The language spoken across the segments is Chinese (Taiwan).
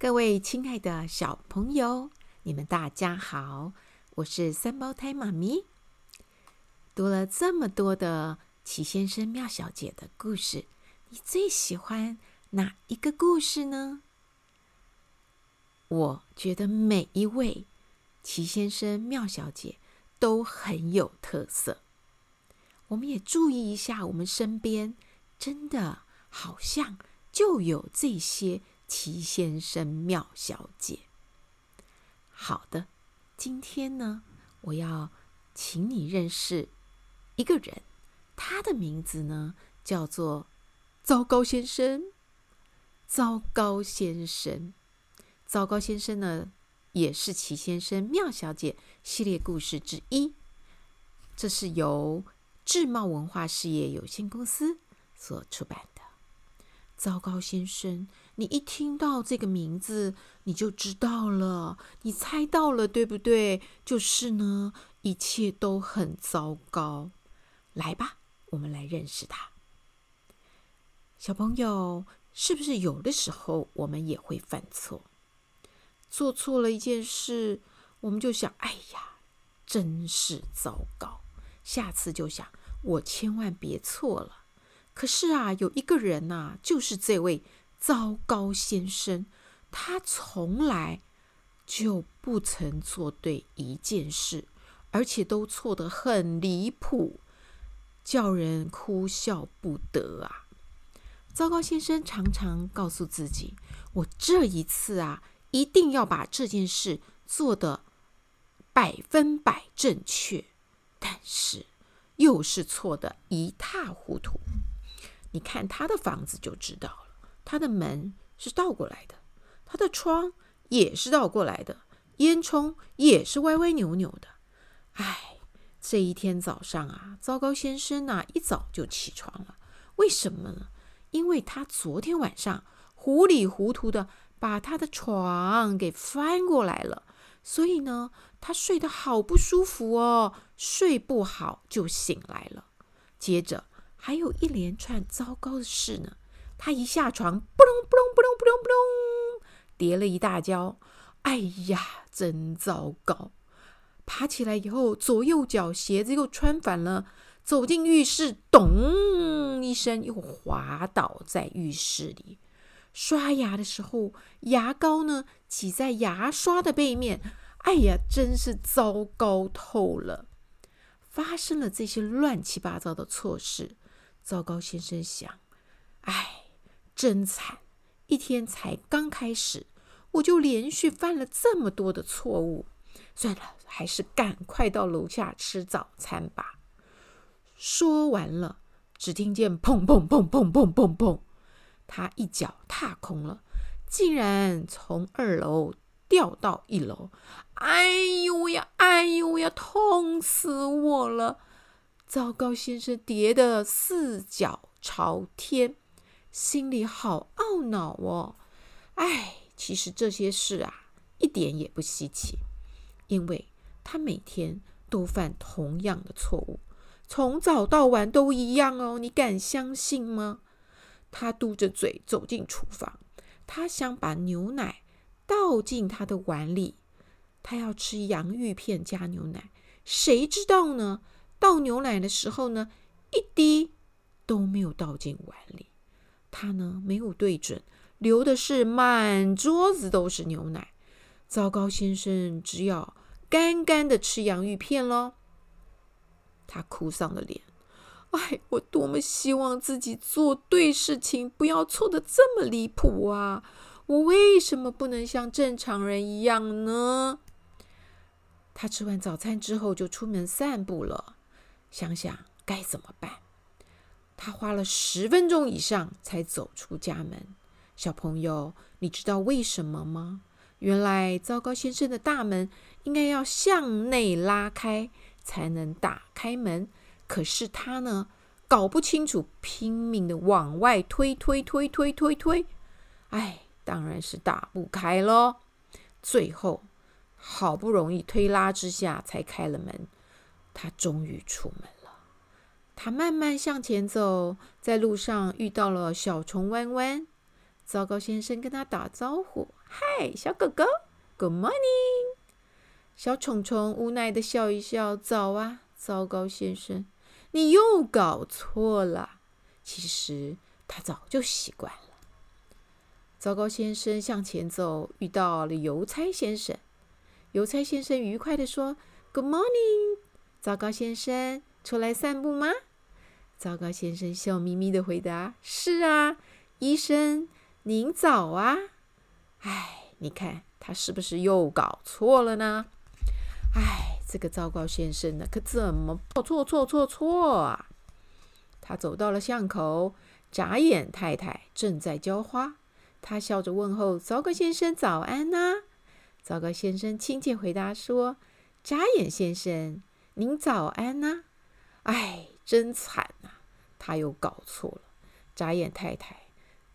各位親愛的小朋友，你們大家好，我是三胞胎媽咪。讀了這麼多的奇先生、妙小姐的故事，你最喜歡哪一個故事呢？我覺得每一位奇先生、妙小姐都很有特色。我們也注意一下，我們身邊真的好像就有這些。奇先生、妙小姐。好的，今天呢，我要請你認識一個人，他的名字呢，叫做糟糕先生。糟糕先生，糟糕先生呢，也是奇先生、妙小姐系列故事之一。這是由智茂文化事業有限公司所出版的《糟糕先生》。你一聽到這個名字，你就知道了，你猜到了，對不對？就是呢，一切都很糟糕。來吧，我們來認識他。小朋友，是不是有的時候我們也會犯錯？做錯了一件事，我們就想：哎呀，真是糟糕！下次就想，我千萬別錯了。可是啊，有一個人吶、啊，就是這位。糟糕先生，他從來就不曾做對一件事，而且都錯得很離譜，叫人哭笑不得啊！糟糕先生常常告訴自己：“我這一次啊，一定要把這件事做得百分百正確。”但是又是錯得一塌糊塗。你看他的房子就知道了。他的門是倒過來的，他的窗也是倒過來的，煙囪也是歪歪扭扭的。哎，這一天早上啊，糟糕先生吶、啊、一早就起床了。為什麼呢？因為他昨天晚上糊裡糊塗地把他的床給翻過來了，所以呢，他睡得好不舒服哦，睡不好就醒來了。接着還有一連串糟糕的事呢。他一下床，撲隆撲隆撲隆撲隆撲隆，跌了一大跤。哎呀，真糟糕！爬起來以後，左右腳鞋子又穿反了。走進浴室，咚一聲，又滑倒在浴室裡。刷牙的時候，牙膏呢擠在牙刷的背面。哎呀，真是糟糕透了！發生了這些亂七八糟的錯事，糟糕先生想，哎。真慘，一天才剛開始，我就連續犯了這麼多的錯誤。算了，還是趕快到樓下吃早餐吧。說完了，只聽見砰砰砰砰砰砰砰，他一腳踏空了，竟然從二樓掉到一樓。哎呦呀，哎呦呀，痛死我了！糟糕先生跌得四腳朝天。心裡好懊惱哦，哎，其實這些事啊，一點也不稀奇，因為他每天都犯同樣的錯誤，從早到晚都一樣哦。你敢相信嗎？他嘟着嘴走進廚房，他想把牛奶倒進他的碗裡，他要吃洋芋片加牛奶，誰知道呢？倒牛奶的時候呢，一滴都沒有倒進碗裡。他呢，沒有對準，流的是滿桌子都是牛奶。糟糕先生，只有乾乾的吃洋芋片咯。他哭喪了臉，哎，我多麼希望自己做對事情，不要錯得這麼離譜啊！我為什麼不能像正常人一樣呢？他吃完早餐之後就出門散步了，想想該怎麼辦。他花了十分鐘以上才走出家門。小朋友，你知道為什麼嗎？原來糟糕先生的大門應該要向內拉開才能打開門，可是他呢，搞不清楚，拼命的往外推,推，推,推,推,推，推，推，推，推。哎，當然是打不開咯。最後，好不容易推拉之下才開了門，他終於出門。他慢慢向前走，在路上遇到了小蟲彎彎。糟糕先生跟他打招呼：“嗨，小狗狗，Good morning。”小蟲蟲無奈的笑一笑：“早啊，糟糕先生，你又搞錯了。”其實他早就習慣了。糟糕先生向前走，遇到了郵差先生。郵差先生愉快地說：“Good morning，糟糕先生，出來散步嗎？”糟糕先生笑眯眯地回答：“是啊，醫生，您早啊。”哎，你看他是不是又搞錯了呢？哎，這個糟糕先生呢，可怎麼錯錯錯錯錯啊？他走到了巷口，眨眼太太正在澆花，他笑着問候：“糟糕先生，早安吶啊。”糟糕先生親切回答說：“眨眼先生，您早安吶啊。”唉哎。真慘吶、啊，他又搞錯了。眨眼太太，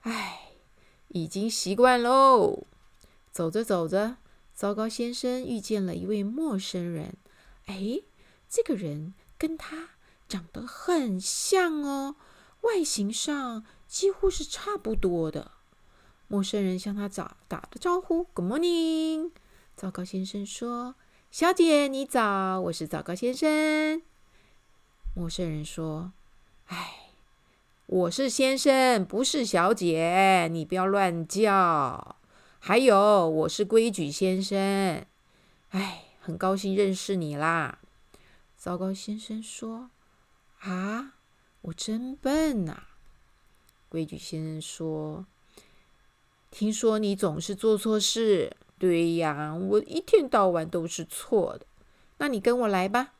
唉，已經習慣嘍。走着走着，糟糕先生遇見了一位陌生人。哎，這個人跟他長得很像哦，外形上幾乎是差不多的。陌生人向他早打個招呼：“Good morning。”糟糕先生說：“小姐，你早，我是糟糕先生。”陌生人說：“哎，我是先生，不是小姐，你不要亂叫。還有，我是規矩先生。哎，很高興認識你啦。”糟糕先生說：“啊，我真笨吶、啊！”規矩先生說：“聽說你總是做錯事。對呀，我一天到晚都是錯的。那你跟我來吧。”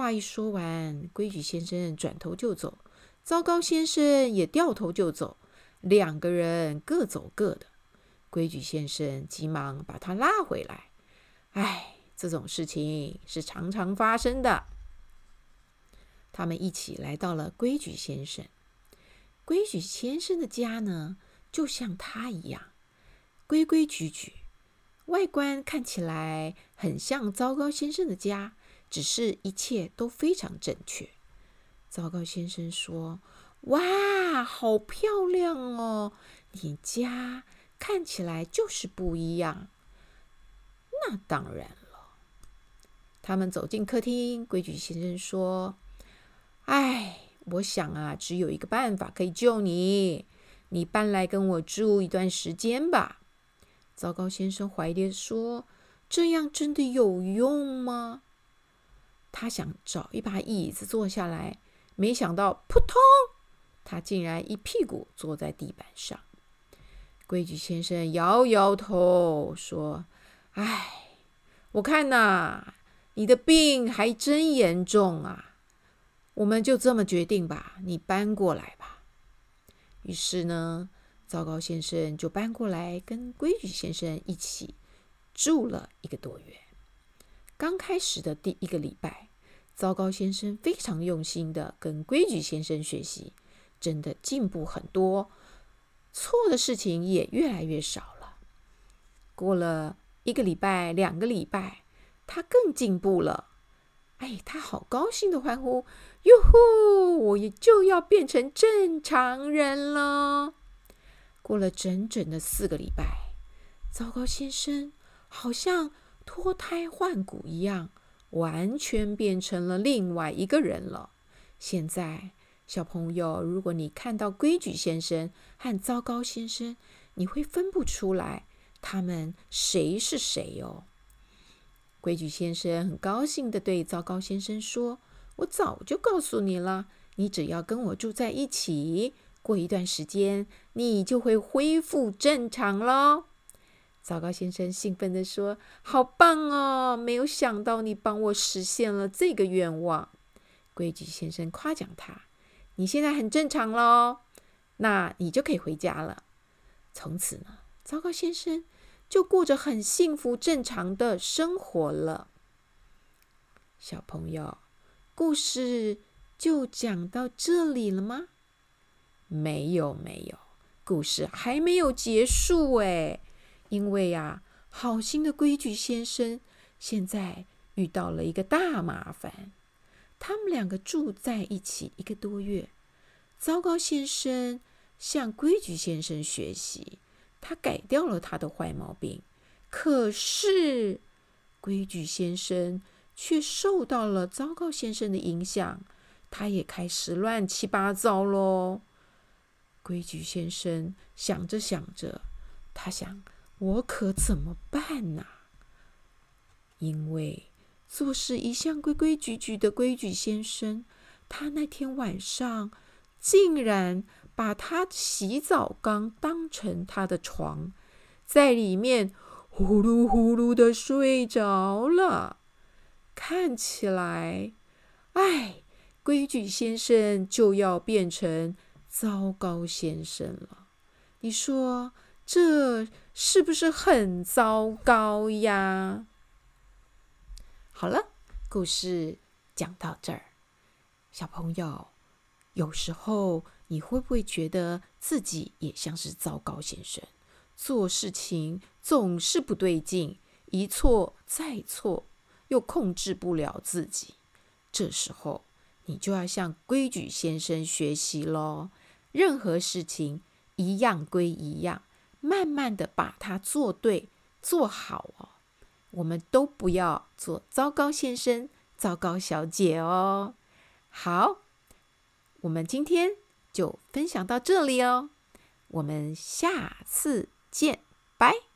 話一說完，規矩先生轉頭就走，糟糕先生也掉頭就走，兩個人各走各的。規矩先生急忙把他拉回來。哎，這種事情是常常發生的。他們一起來到了規矩先生。規矩先生的家呢，就像他一樣，規規矩矩，外觀看起來很像糟糕先生的家。只是一切都非常正確。糟糕先生說：“哇，好漂亮哦！你家看起來就是不一樣。”那當然了。他們走進客廳，規矩先生說：“哎，我想啊，只有一個辦法可以救你，你搬來跟我住一段時間吧。”糟糕先生懷疑地說：“這樣真的有用嗎？”他想找一把椅子坐下來，沒想到撲通，他竟然一屁股坐在地板上。規矩先生搖搖頭說：“哎，我看吶，你的病還真嚴重啊！我們就這麼決定吧，你搬過來吧。”於是呢，糟糕先生就搬過來跟規矩先生一起住了一個多月。剛開始的第一個禮拜，糟糕先生非常用心的跟規矩先生學習，真的進步很多，錯的事情也越來越少了。過了一個禮拜、兩個禮拜，他更進步了。哎，他好高興的歡呼：“喲吼！我也就要變成正常人了！”過了整整的四個禮拜，糟糕先生好像……脫胎換骨一樣，完全變成了另外一個人了。現在，小朋友，如果你看到規矩先生和糟糕先生，你會分不出來他們誰是誰喲。規矩先生很高興地對糟糕先生說：“我早就告訴你了，你只要跟我住在一起，過一段時間，你就會恢復正常嘍。”糟糕先生興奮地說：“好棒哦！沒有想到你幫我實現了這個願望。”規矩先生誇獎他：“你現在很正常嘍，那你就可以回家了。”從此呢，糟糕先生就過着很幸福、正常的生活了。小朋友，故事就講到這裡了嗎？沒有，沒有，故事還沒有結束哎。因為呀，好心的規矩先生現在遇到了一個大麻煩。他們兩個住在一起一個多月，糟糕先生向規矩先生學習，他改掉了他的壞毛病。可是規矩先生卻受到了糟糕先生的影響，他也開始亂七八糟嘍。規矩先生想着想着，他想。我可怎麼辦吶？因為做事一向規規矩矩的規矩先生，他那天晚上竟然把他洗澡缸當成他的床，在裡面呼嚕呼嚕地睡着了。看起來，哎，規矩先生就要變成糟糕先生了。你說？這是不是很糟糕呀？好了，故事講到這兒，小朋友，有時候你會不會覺得自己也像是糟糕先生，做事情總是不對勁，一錯再錯，又控制不了自己？這時候你就要向規矩先生學習嘍。任何事情一樣歸一樣。慢慢地把它做對、做好哦，我們都不要做糟糕先生、糟糕小姐哦。好，我們今天就分享到這裡哦，我們下次見，拜。